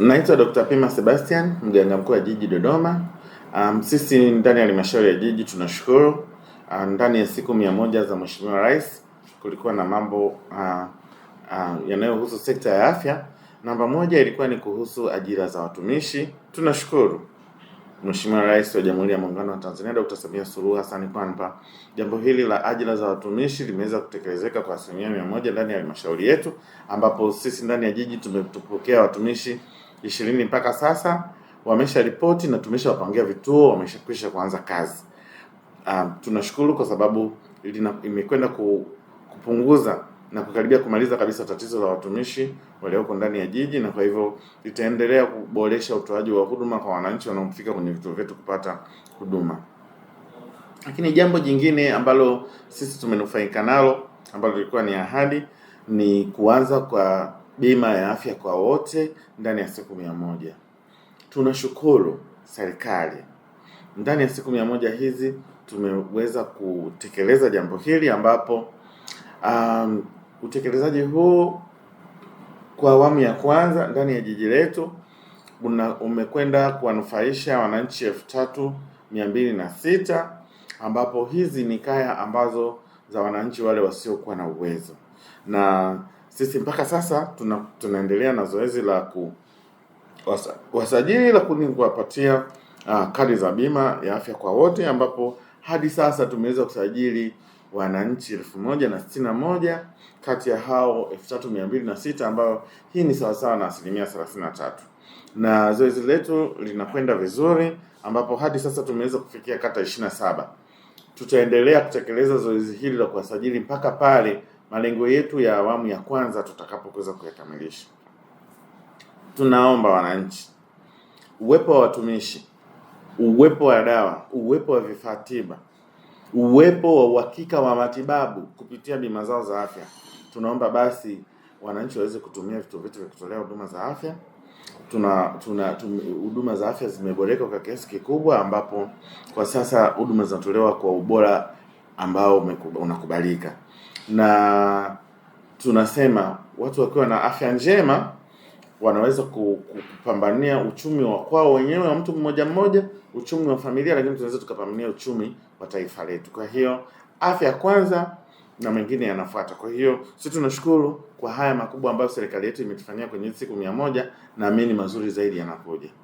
Naitwa Dr. Pima Sebastian, mganga mkuu wa jiji Dodoma. Um, sisi ndani ya halmashauri ya jiji tunashukuru. Uh, ndani ya siku mia moja za Mheshimiwa Rais kulikuwa na mambo uh, uh, yanayohusu sekta ya afya. Namba moja ilikuwa ni kuhusu ajira za watumishi. Tunashukuru Mheshimiwa Rais wa Jamhuri ya Muungano wa Tanzania Dr. Samia Suluhu Hassan kwamba jambo hili la ajira za watumishi limeweza kutekelezeka kwa asilimia mia moja ndani ya halmashauri yetu, ambapo sisi ndani ya jiji tumepokea watumishi ishirini mpaka sasa wamesha ripoti na tumeshawapangia vituo, wameshakwisha kuanza kazi. Um, tunashukuru kwa sababu imekwenda kupunguza na kukaribia kumaliza kabisa tatizo la watumishi walioko ndani ya jiji, na kwa hivyo litaendelea kuboresha utoaji wa huduma kwa wananchi wanaofika kwenye vituo vyetu kupata huduma. Lakini jambo jingine ambalo sisi tumenufaika nalo ambalo lilikuwa ni ahadi ni kuanza kwa bima ya afya kwa wote ndani ya siku mia moja. Tunashukuru serikali, ndani ya siku mia moja hizi tumeweza kutekeleza jambo hili ambapo um, utekelezaji huu kwa awamu ya kwanza ndani ya jiji letu umekwenda kuwanufaisha wananchi elfu tatu mia mbili na sita ambapo hizi ni kaya ambazo za wananchi wale wasiokuwa na uwezo na sisi mpaka sasa tuna, tunaendelea na zoezi la ku wasa, wasajili lakini kuwapatia uh, kadi za bima ya afya kwa wote ambapo hadi sasa tumeweza kusajili wananchi elfu moja na sitini na moja kati ya hao elfu tatu mia mbili na sita ambayo hii ni sawasawa na asilimia thelathini na tatu na zoezi letu linakwenda vizuri ambapo hadi sasa tumeweza kufikia kata ishirini na saba. Tutaendelea kutekeleza zoezi hili la kuwasajili mpaka pale malengo yetu ya awamu ya kwanza tutakapoweza kuyakamilisha. Tunaomba wananchi, uwepo wa watumishi, uwepo wa dawa, uwepo wa vifaa tiba, uwepo wa uhakika wa matibabu kupitia bima zao za afya, tunaomba basi wananchi waweze kutumia vituo vyetu vya kutolea huduma za afya. Tuna tuna huduma za afya zimeboreka kwa kiasi kikubwa, ambapo kwa sasa huduma zinatolewa kwa ubora ambao unakubalika na tunasema watu wakiwa na afya njema wanaweza kupambania uchumi wa kwao wenyewe wa mtu mmoja mmoja, uchumi wa familia, lakini tunaweza tukapambania uchumi wa taifa letu. Kwa hiyo afya kwanza na mengine yanafuata. Kwa hiyo sisi tunashukuru kwa haya makubwa ambayo serikali yetu imetufanyia kwenye siku mia moja, naamini mazuri zaidi yanakuja.